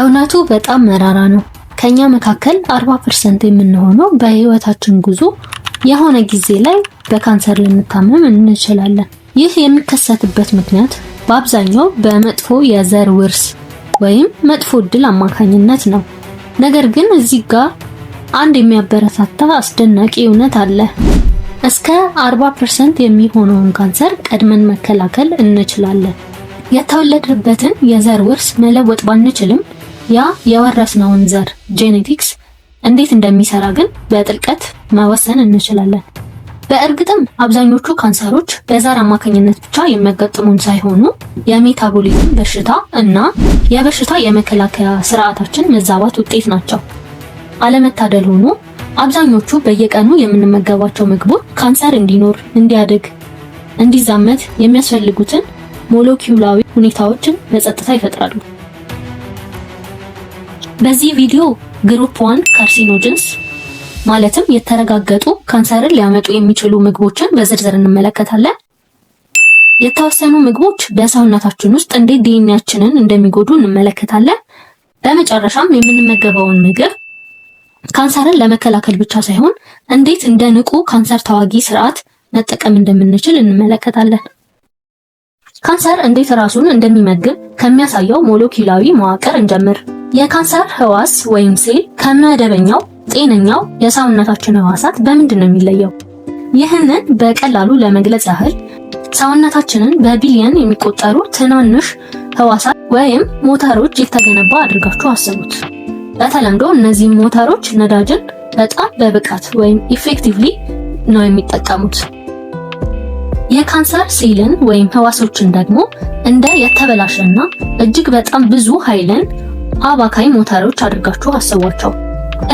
እውነቱ በጣም መራራ ነው። ከኛ መካከል 40% የምንሆነው በህይወታችን ጉዞ የሆነ ጊዜ ላይ በካንሰር ልንታመም እንችላለን። ይህ የሚከሰትበት ምክንያት በአብዛኛው በመጥፎ የዘር ውርስ ወይም መጥፎ እድል አማካኝነት ነው። ነገር ግን እዚህ ጋር አንድ የሚያበረታታ አስደናቂ እውነት አለ። እስከ 40% የሚሆነውን ካንሰር ቀድመን መከላከል እንችላለን። የተወለድበትን የዘር ውርስ መለወጥ ባንችልም ያ የወረስነውን ዘር ጄኔቲክስ እንዴት እንደሚሰራ ግን በጥልቀት መወሰን እንችላለን። በእርግጥም አብዛኞቹ ካንሰሮች በዘር አማካኝነት ብቻ የሚያጋጥሙን ሳይሆኑ የሜታቦሊዝም በሽታ እና የበሽታ የመከላከያ ስርዓታችን መዛባት ውጤት ናቸው። አለመታደል ሆኖ አብዛኞቹ በየቀኑ የምንመገባቸው ምግቦች ካንሰር እንዲኖር፣ እንዲያድግ፣ እንዲዛመት የሚያስፈልጉትን ሞለኪውላዊ ሁኔታዎችን በጸጥታ ይፈጥራሉ። በዚህ ቪዲዮ ግሩፕ ዋን ካርሲኖጅንስ ማለትም የተረጋገጡ ካንሰርን ሊያመጡ የሚችሉ ምግቦችን በዝርዝር እንመለከታለን። የተወሰኑ ምግቦች በሰውነታችን ውስጥ እንዴት ዲኤንኤያችንን እንደሚጎዱ እንመለከታለን። በመጨረሻም የምንመገበውን ምግብ ካንሰርን ለመከላከል ብቻ ሳይሆን እንዴት እንደ ንቁ ካንሰር ተዋጊ ስርዓት መጠቀም እንደምንችል እንመለከታለን። ካንሰር እንዴት ራሱን እንደሚመግብ ከሚያሳየው ሞለኪላዊ መዋቅር እንጀምር። የካንሰር ህዋስ ወይም ሴል ከመደበኛው ጤነኛው የሰውነታችን ህዋሳት በምንድን ነው የሚለየው? ይህንን በቀላሉ ለመግለጽ ያህል ሰውነታችንን በቢሊየን የሚቆጠሩ ትናንሽ ህዋሳት ወይም ሞተሮች የተገነባ አድርጋችሁ አስቡት። በተለምዶ እነዚህ ሞተሮች ነዳጅን በጣም በብቃት ወይም ኢፌክቲቭሊ ነው የሚጠቀሙት። የካንሰር ሴልን ወይም ህዋሶችን ደግሞ እንደ የተበላሸና እጅግ በጣም ብዙ ኃይልን አባካይ ሞተሮች አድርጋችሁ አስቧቸው።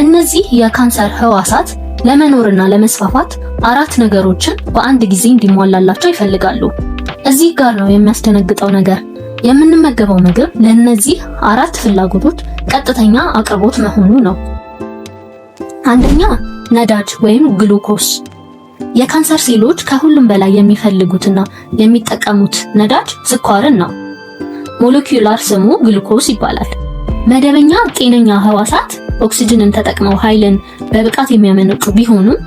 እነዚህ የካንሰር ህዋሳት ለመኖርና ለመስፋፋት አራት ነገሮችን በአንድ ጊዜ እንዲሟላላቸው ይፈልጋሉ። እዚህ ጋር ነው የሚያስደነግጠው ነገር። የምንመገበው ምግብ ለእነዚህ አራት ፍላጎቶች ቀጥተኛ አቅርቦት መሆኑ ነው። አንደኛ ነዳጅ ወይም ግሉኮስ። የካንሰር ሴሎች ከሁሉም በላይ የሚፈልጉትና የሚጠቀሙት ነዳጅ ስኳርን ነው። ሞለኪዩላር ስሙ ግሉኮስ ይባላል። መደበኛ ጤነኛ ህዋሳት ኦክሲጅንን ተጠቅመው ኃይልን በብቃት የሚያመነጩ ቢሆኑም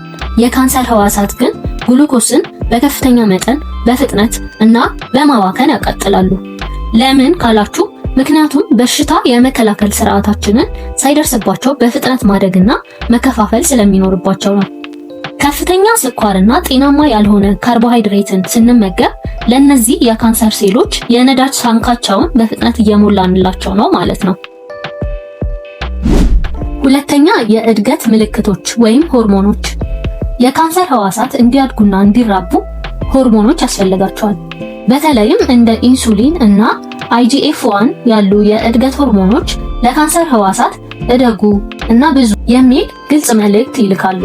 የካንሰር ህዋሳት ግን ግሉኮስን በከፍተኛ መጠን በፍጥነት እና በማባከን ያቃጥላሉ። ለምን ካላችሁ ምክንያቱም በሽታ የመከላከል ስርዓታችንን ሳይደርስባቸው በፍጥነት ማደግና መከፋፈል ስለሚኖርባቸው ነው። ከፍተኛ ስኳርና ጤናማ ያልሆነ ካርቦሃይድሬትን ስንመገብ ለእነዚህ የካንሰር ሴሎች የነዳጅ ታንካቸውን በፍጥነት እየሞላንላቸው ነው ማለት ነው። ሁለተኛ የእድገት ምልክቶች ወይም ሆርሞኖች። የካንሰር ህዋሳት እንዲያድጉና እንዲራቡ ሆርሞኖች ያስፈልጋቸዋል። በተለይም እንደ ኢንሱሊን እና አይጂኤፍ ዋን ያሉ የእድገት ሆርሞኖች ለካንሰር ህዋሳት እደጉ እና ብዙ የሚል ግልጽ መልእክት ይልካሉ።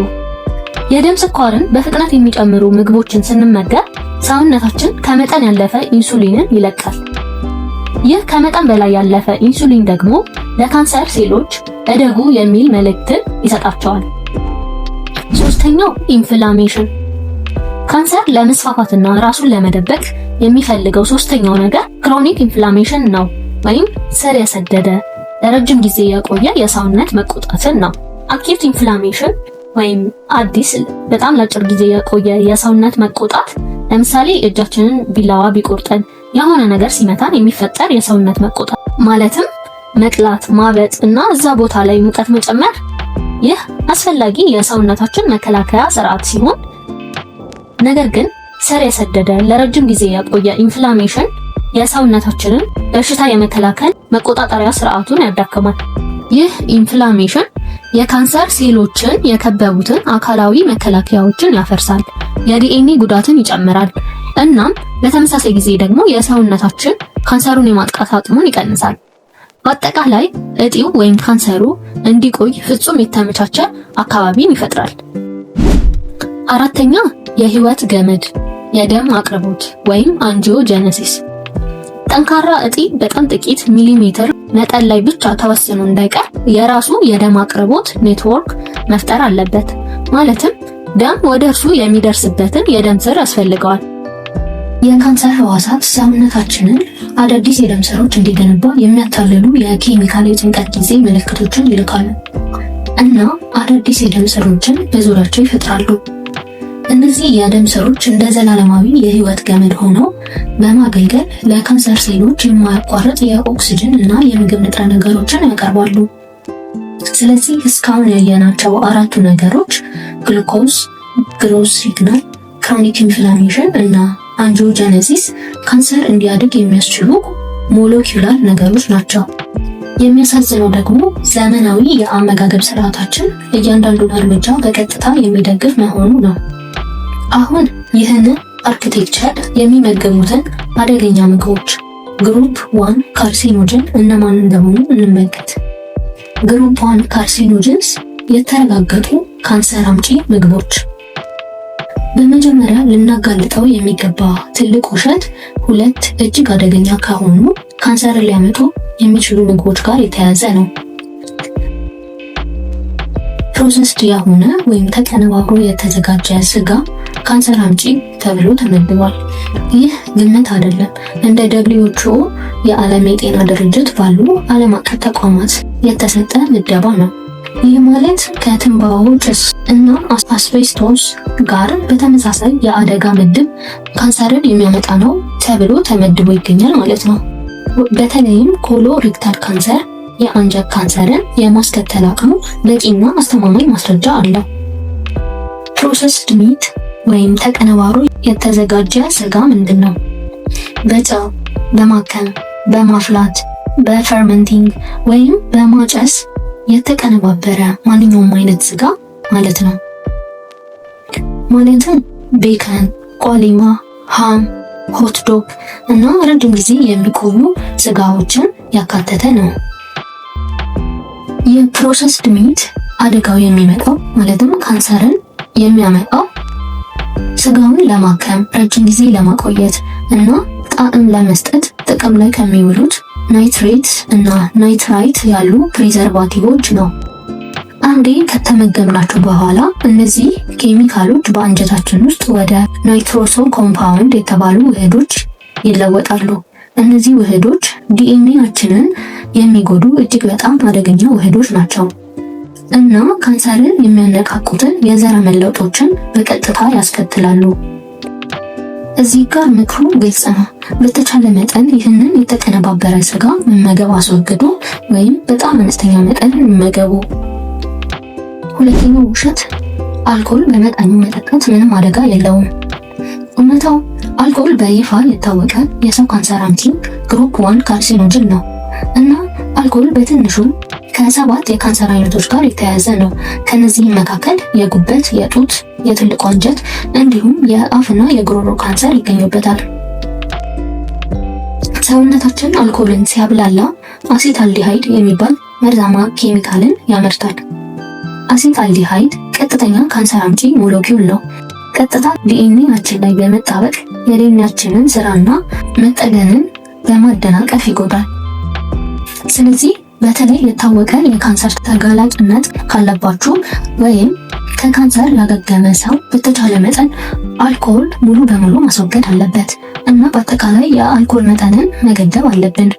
የደም ስኳርን በፍጥነት የሚጨምሩ ምግቦችን ስንመገብ ሰውነታችን ከመጠን ያለፈ ኢንሱሊንን ይለቃል። ይህ ከመጠን በላይ ያለፈ ኢንሱሊን ደግሞ ለካንሰር ሴሎች እደጉ የሚል መልእክትን ይሰጣቸዋል። ሶስተኛው ኢንፍላሜሽን ካንሰር ለመስፋፋትና ራሱን ለመደበቅ የሚፈልገው ሶስተኛው ነገር ክሮኒክ ኢንፍላሜሽን ነው፣ ወይም ስር የሰደደ ለረጅም ጊዜ የቆየ የሰውነት መቆጣትን ነው። አኪዩት ኢንፍላሜሽን ወይም አዲስ በጣም ለአጭር ጊዜ የቆየ የሰውነት መቆጣት፣ ለምሳሌ እጃችንን ቢላዋ ቢቆርጠን፣ የሆነ ነገር ሲመታን የሚፈጠር የሰውነት መቆጣት ማለትም መቅላት፣ ማበጥ እና እዛ ቦታ ላይ ሙቀት መጨመር ይህ አስፈላጊ የሰውነታችን መከላከያ ስርዓት ሲሆን ነገር ግን ስር የሰደደ ለረጅም ጊዜ ያቆየ ኢንፍላሜሽን የሰውነታችንን በሽታ የመከላከል መቆጣጠሪያ ስርዓቱን ያዳክማል። ይህ ኢንፍላሜሽን የካንሰር ሴሎችን የከበቡትን አካላዊ መከላከያዎችን ያፈርሳል፣ የዲኤንኤ ጉዳትን ይጨምራል፣ እናም በተመሳሳይ ጊዜ ደግሞ የሰውነታችን ካንሰሩን የማጥቃት አቅሙን ይቀንሳል። በአጠቃላይ እጢው ወይም ካንሰሩ እንዲቆይ ፍጹም የተመቻቸ አካባቢን ይፈጥራል። አራተኛ የህይወት ገመድ የደም አቅርቦት ወይም አንጂዮ ጀነሲስ። ጠንካራ እጢ በጣም ጥቂት ሚሊሜትር መጠን ላይ ብቻ ተወስኖ እንዳይቀር የራሱ የደም አቅርቦት ኔትወርክ መፍጠር አለበት። ማለትም ደም ወደ እርሱ የሚደርስበትን የደም ስር ያስፈልገዋል። የካንሰር ህዋሳት ሰውነታችንን አዳዲስ የደም ስሮች እንዲገነባ የሚያታልሉ የኬሚካል የጭንቀት ጊዜ ምልክቶችን ይልካሉ እና አዳዲስ የደም ስሮችን በዙሪያቸው ይፈጥራሉ። እነዚህ የደም ስሮች እንደ ዘላለማዊ የህይወት ገመድ ሆነው በማገልገል ለካንሰር ሴሎች የማያቋርጥ የኦክስጅን እና የምግብ ንጥረ ነገሮችን ያቀርባሉ። ስለዚህ እስካሁን ያየናቸው አራቱ ነገሮች ግሉኮዝ፣ ግሮስ ሲግናል፣ ክሮኒክ ኢንፍላሜሽን እና አንጂኦጀነሲስ ካንሰር እንዲያድግ የሚያስችሉ ሞለኪውላር ነገሮች ናቸው። የሚያሳዝነው ደግሞ ዘመናዊ የአመጋገብ ስርዓታችን እያንዳንዱን እርምጃ በቀጥታ የሚደግፍ መሆኑ ነው። አሁን ይህንን አርክቴክቸር የሚመገቡትን አደገኛ ምግቦች ግሩፕ ዋን ካርሲኖጅን እነማን እንደሆኑ እንመልከት። ግሩፕ ዋን ካርሲኖጅንስ የተረጋገጡ ካንሰር አምጪ ምግቦች በመጀመሪያ ልናጋልጠው የሚገባ ትልቅ ውሸት ሁለት እጅግ አደገኛ ከሆኑ ካንሰርን ሊያመጡ የሚችሉ ምግቦች ጋር የተያያዘ ነው። ፕሮሰስድ የሆነ ወይም ተቀነባብሮ የተዘጋጀ ስጋ ካንሰር አምጪ ተብሎ ተመድቧል። ይህ ግምት አይደለም። እንደ ደብሊውኤችኦ የዓለም የጤና ድርጅት ባሉ ዓለም አቀፍ ተቋማት የተሰጠ ምደባ ነው። ይህ ማለት ከትንባሆ ጭስ እናም አስቤስቶስ ጋር በተመሳሳይ የአደጋ ምድብ ካንሰርን የሚያመጣ ነው ተብሎ ተመድቦ ይገኛል ማለት ነው። በተለይም ኮሎ ሪክታል ካንሰር የአንጀ ካንሰርን የማስከተል አቅሙ በቂና አስተማማኝ ማስረጃ አለው። ፕሮሰስድ ሚት ወይም ተቀነባሩ የተዘጋጀ ስጋ ምንድን ነው? በጨው በማከም በማፍላት በፈርመንቲንግ ወይም በማጨስ የተቀነባበረ ማንኛውም አይነት ስጋ ማለት ነው። ማለትም ቤከን፣ ቋሊማ፣ ሃም፣ ሆትዶግ እና ረጅም ጊዜ የሚቆዩ ስጋዎችን ያካተተ ነው። የፕሮሰስድ ሚት አደጋው የሚመጣው ማለትም ካንሰርን የሚያመጣው ስጋውን ለማከም ረጅም ጊዜ ለማቆየት እና ጣዕም ለመስጠት ጥቅም ላይ ከሚውሉት ናይትሬት እና ናይትራይት ያሉ ፕሪዘርቫቲቮች ነው። አንዴ ከተመገብናቸው በኋላ እነዚህ ኬሚካሎች በአንጀታችን ውስጥ ወደ ናይትሮሶ ኮምፓውንድ የተባሉ ውህዶች ይለወጣሉ። እነዚህ ውህዶች ዲኤንኤያችንን የሚጎዱ እጅግ በጣም አደገኛ ውህዶች ናቸው እና ካንሰርን የሚያነቃቁትን የዘረመል ለውጦችን በቀጥታ ያስከትላሉ። እዚህ ጋር ምክሩ ግልጽ ነው። በተቻለ መጠን ይህንን የተቀነባበረ ስጋ መመገብ አስወግዱ፣ ወይም በጣም አነስተኛ መጠን መገቡ። ሁለተኛው ውሸት፣ አልኮል በመጠኑ መጠጣት ምንም አደጋ የለውም። እውነታው አልኮል በይፋ የታወቀ የሰው ካንሰር አምጪ ግሩፕ ዋን ካርሲኖጅን ነው እና አልኮል በትንሹ ከሰባት የካንሰር አይነቶች ጋር የተያያዘ ነው። ከነዚህም መካከል የጉበት፣ የጡት፣ የትልቁ አንጀት እንዲሁም የአፍና የጉሮሮ ካንሰር ይገኙበታል። ሰውነታችን አልኮልን ሲያብላላ አሴታልዲሃይድ የሚባል መርዛማ ኬሚካልን ያመርታል። አሲንፋልዲሃይድ ቀጥተኛ ካንሰር አምጪ ሞለኪውል ነው። ቀጥታ ዲኤንኤያችን ላይ በመጣበቅ የዲኤንኤያችንን ስራና መጠገንን በማደናቀፍ ይጎዳል። ስለዚህ በተለይ የታወቀ የካንሰር ተጋላጭነት ካለባችሁ ወይም ከካንሰር ያገገመ ሰው በተቻለ መጠን አልኮል ሙሉ በሙሉ ማስወገድ አለበት እና በአጠቃላይ የአልኮል መጠንን መገደብ አለብን።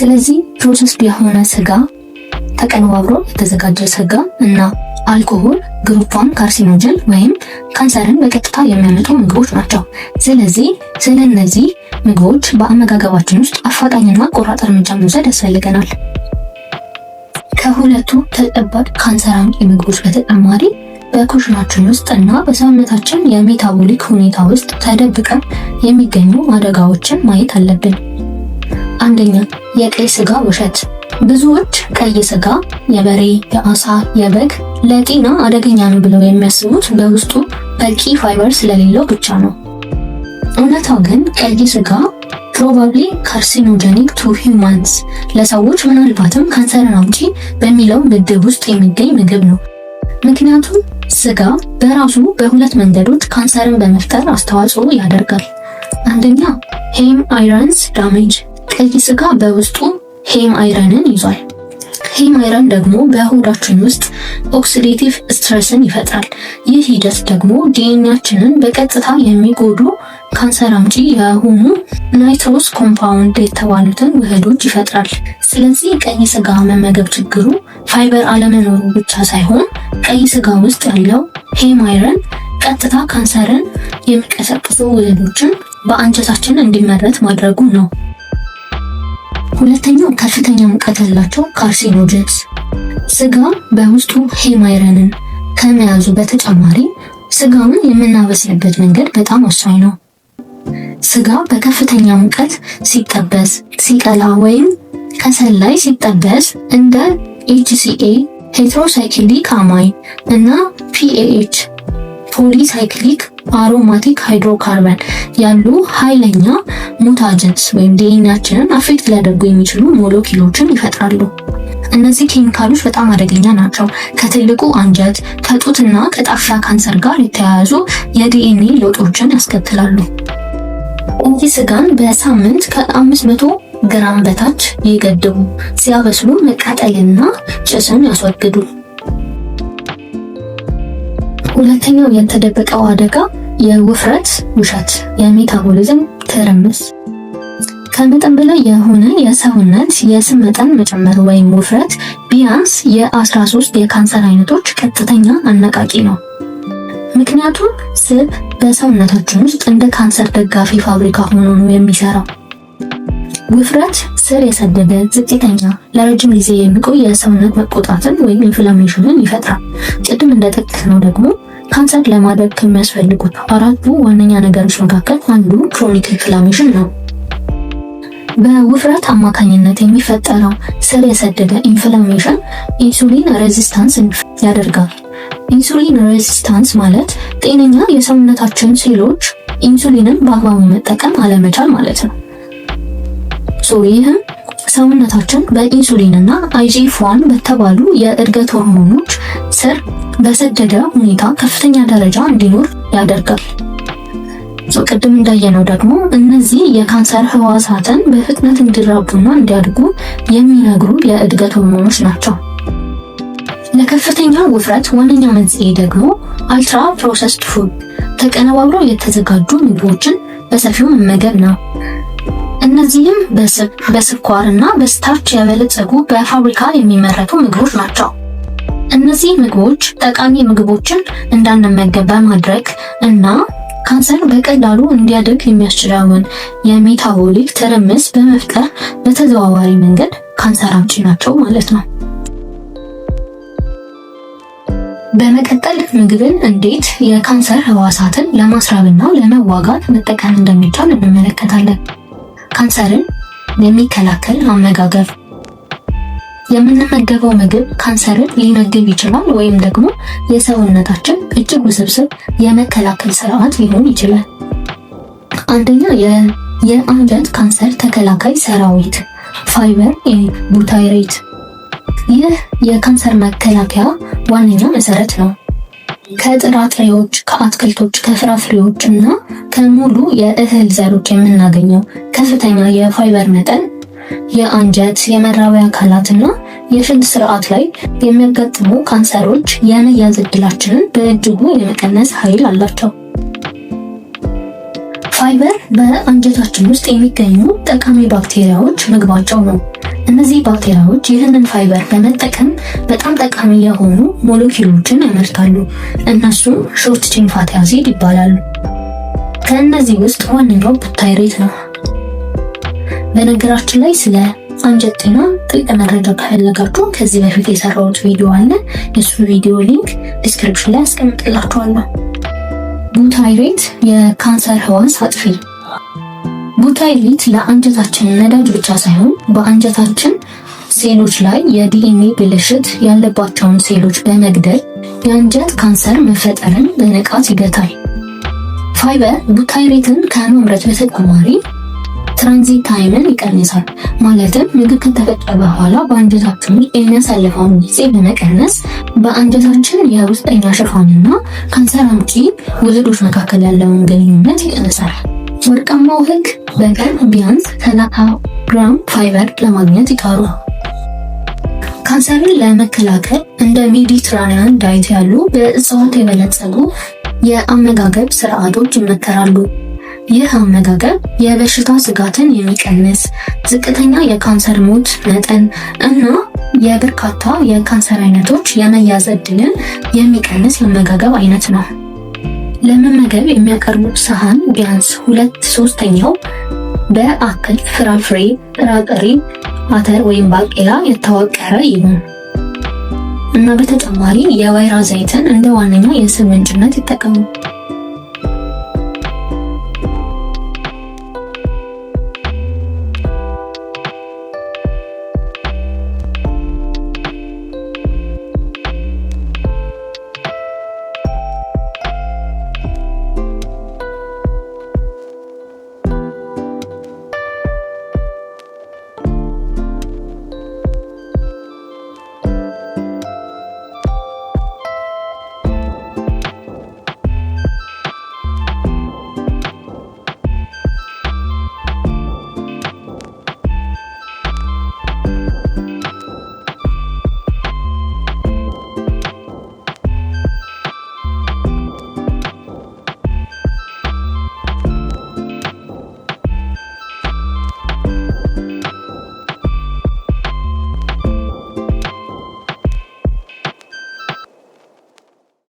ስለዚህ ፕሮሰስ የሆነ ስጋ ተቀነባብሮ የተዘጋጀ ስጋ እና አልኮሆል ግሩፕ ዋን ካርሲኖጅን ወይም ካንሰርን በቀጥታ የሚያመጡ ምግቦች ናቸው። ስለዚህ ስለ እነዚህ ምግቦች በአመጋገባችን ውስጥ አፋጣኝና ቆራጥ እርምጃ መውሰድ ያስፈልገናል። ከሁለቱ ተጨባጭ ካንሰራዊ ምግቦች በተጨማሪ በኩሽናችን ውስጥ እና በሰውነታችን የሜታቦሊክ ሁኔታ ውስጥ ተደብቀን የሚገኙ አደጋዎችን ማየት አለብን። አንደኛ፣ የቀይ ስጋ ውሸት ብዙዎች ቀይ ስጋ የበሬ፣ የአሳ፣ የበግ ለጤና አደገኛ ነው ብለው የሚያስቡት በውስጡ በቂ ፋይበር ስለሌለው ብቻ ነው። እውነታው ግን ቀይ ስጋ ፕሮባብሊ ካርሲኖጀኒክ ቱ ሂውማንስ ለሰዎች ምናልባትም ካንሰርን አውጪ በሚለው ምድብ ውስጥ የሚገኝ ምግብ ነው። ምክንያቱም ስጋ በራሱ በሁለት መንገዶች ካንሰርን በመፍጠር አስተዋጽኦ ያደርጋል። አንደኛ ሄም አይረንስ ዳሜጅ፣ ቀይ ስጋ በውስጡ ሄም አይረንን ይዟል። ሄም አይረን ደግሞ በሆዳችን ውስጥ ኦክሲዴቲቭ ስትረስን ይፈጥራል። ይህ ሂደት ደግሞ ዲኤንኤያችንን በቀጥታ የሚጎዱ ካንሰር አምጪ የሆኑ ናይትሮስ ኮምፓውንድ የተባሉትን ውህዶች ይፈጥራል። ስለዚህ ቀይ ስጋ መመገብ ችግሩ ፋይበር አለመኖሩ ብቻ ሳይሆን ቀይ ስጋ ውስጥ ያለው ሄም አይረን ቀጥታ ካንሰርን የሚቀሰቅሱ ውህዶችን በአንጀታችን እንዲመረት ማድረጉ ነው። ሁለተኛው ከፍተኛ ሙቀት ያላቸው ካርሲኖጀንስ። ስጋ በውስጡ ሄማይረንን ከመያዙ በተጨማሪ ስጋውን የምናበስልበት መንገድ በጣም ወሳኝ ነው። ስጋ በከፍተኛ ሙቀት ሲጠበስ፣ ሲቀላ ወይም ከሰል ላይ ሲጠበስ እንደ ኤችሲኤ ሄትሮሳይክሊክ አማይን እና ፒኤኤች ፖሊሳይክሊክ አሮማቲክ ሃይድሮካርበን ያሉ ኃይለኛ ሙታጅንስ ወይም ዲኤንኤያችንን አፌክት ሊያደርጉ የሚችሉ ሞለኪሎችን ይፈጥራሉ። እነዚህ ኬሚካሎች በጣም አደገኛ ናቸው። ከትልቁ አንጀት፣ ከጡትና ከጣፊያ ካንሰር ጋር የተያያዙ የዲኤንኤ ለውጦችን ያስከትላሉ። እነዚህ ስጋን በሳምንት ከ500 ግራም በታች ይገድቡ። ሲያበስሉ መቃጠልና ጭስን ያስወግዱ። ሁለተኛው የተደበቀው አደጋ የውፍረት ውሸት፣ የሜታቦሊዝም ትርምስ ከመጠን በላይ የሆነ የሰውነት የስብ መጠን መጨመር ወይም ውፍረት ቢያንስ የ13 የካንሰር አይነቶች ቀጥተኛ አነቃቂ ነው። ምክንያቱም ስብ በሰውነታችን ውስጥ እንደ ካንሰር ደጋፊ ፋብሪካ ሆኖ ነው የሚሰራው። ውፍረት ስር የሰደደ ዝቅተኛ፣ ለረጅም ጊዜ የሚቆይ የሰውነት መቆጣትን ወይም ኢንፍላሜሽንን ይፈጥራል። ቅድም እንደጠቀስነው ደግሞ ካንሰር ለማድረግ ከሚያስፈልጉት አራቱ ዋነኛ ነገሮች መካከል አንዱ ክሮኒክ ኢንፍላሜሽን ነው። በውፍረት አማካኝነት የሚፈጠረው ስር የሰደደ ኢንፍላሜሽን ኢንሱሊን ሬዚስታንስ ያደርጋል። ኢንሱሊን ሬዚስታንስ ማለት ጤነኛ የሰውነታችን ሴሎች ኢንሱሊንን በአግባቡ መጠቀም አለመቻል ማለት ነው። ይህም ሰውነታችን በኢንሱሊን እና አይጂኤፍ ዋን በተባሉ የእድገት ሆርሞኖች ስር በሰደደ ሁኔታ ከፍተኛ ደረጃ እንዲኖር ያደርጋል። ቅድም እንዳየነው ደግሞ እነዚህ የካንሰር ህዋሳትን በፍጥነት እንዲራቡና እንዲያድጉ የሚነግሩ የእድገት ሆርሞኖች ናቸው። ለከፍተኛ ውፍረት ዋነኛ መንስኤ ደግሞ አልትራ ፕሮሰስድ ፉድ፣ ተቀነባብረው የተዘጋጁ ምግቦችን በሰፊው መመገብ ነው። እነዚህም በስብ በስኳር እና በስታርች የበለጸጉ በፋብሪካ የሚመረቱ ምግቦች ናቸው። እነዚህ ምግቦች ጠቃሚ ምግቦችን እንዳንመገብ በማድረግ እና ካንሰር በቀላሉ እንዲያድግ የሚያስችለውን የሜታቦሊክ ትርምስ በመፍጠር በተዘዋዋሪ መንገድ ካንሰር አምጪ ናቸው ማለት ነው። በመቀጠል ምግብን እንዴት የካንሰር ህዋሳትን ለማስራብና ለመዋጋት መጠቀም እንደሚቻል እንመለከታለን። ካንሰርን የሚከላከል አመጋገብ የምንመገበው ምግብ ካንሰርን ሊመግብ ይችላል ወይም ደግሞ የሰውነታችን እጅግ ውስብስብ የመከላከል ስርዓት ሊሆን ይችላል። አንደኛ የአንጀት ካንሰር ተከላካይ ሰራዊት ፋይበር ቡታይሬት፣ ይህ የካንሰር መከላከያ ዋነኛ መሰረት ነው። ከጥራጥሬዎች፣ ከአትክልቶች፣ ከፍራፍሬዎች እና ከሙሉ የእህል ዘሮች የምናገኘው ከፍተኛ የፋይበር መጠን የአንጀት የመራቢያ አካላት እና የሽንት ስርዓት ላይ የሚያጋጥሙ ካንሰሮች የመያዝ እድላችንን በእጅጉ የመቀነስ ኃይል አላቸው። ፋይበር በአንጀታችን ውስጥ የሚገኙ ጠቃሚ ባክቴሪያዎች ምግባቸው ነው። እነዚህ ባክቴሪያዎች ይህንን ፋይበር በመጠቀም በጣም ጠቃሚ የሆኑ ሞለኪሎችን ያመርታሉ። እነሱም ሾርት ቼን ፋቲ አሲድ ይባላሉ። ከእነዚህ ውስጥ ዋነኛው ቡታይሬት ነው። በነገራችን ላይ ስለ አንጀት ጤና ጥልቅ መረጃ ከፈለጋችሁ ከዚህ በፊት የሰራሁት ቪዲዮ አለ። የሱ ቪዲዮ ሊንክ ዲስክሪፕሽን ላይ አስቀምጥላችኋለሁ። ቡታይሬት የካንሰር ህዋስ አጥፊ። ቡታይሬት ለአንጀታችን ነዳጅ ብቻ ሳይሆን በአንጀታችን ሴሎች ላይ የዲኤንኤ ብልሽት ያለባቸውን ሴሎች በመግደል የአንጀት ካንሰር መፈጠርን በንቃት ይገታል። ፋይበር ቡታይሬትን ከማምረት በተጨማሪ ትራንዚት ታይምን ይቀንሳል። ማለትም ምግብ ከተፈጨ በኋላ በአንጀታችን የሚያሳልፈውን ጊዜ በመቀነስ በአንጀታችን የውስጠኛ ሽፋንና ካንሰር አምጪ ውህዶች መካከል ያለውን ግንኙነት ይቀንሳል። ወርቃማው ህግ በቀን ቢያንስ 30 ግራም ፋይበር ለማግኘት ይጣሩ። ካንሰርን ለመከላከል እንደ ሜዲትራኒያን ዳይት ያሉ በእጽዋት የበለጸጉ የአመጋገብ ስርዓቶች ይመከራሉ። ይህ አመጋገብ የበሽታ ስጋትን የሚቀንስ ዝቅተኛ የካንሰር ሞት መጠን እና የበርካታ የካንሰር አይነቶች የመያዝ የሚቀንስ የአመጋገብ አይነት ነው። ለመመገብ የሚያቀርቡት ሰሃን ቢያንስ ሁለት ሶስተኛው በአክል ፍራፍሬ፣ ጥራጥሬ፣ አተር ወይም ባቄላ የተዋቀረ ይሁን እና በተጨማሪ የወይራ ዘይትን እንደ ዋነኛ የስብ ምንጭነት ይጠቀሙ።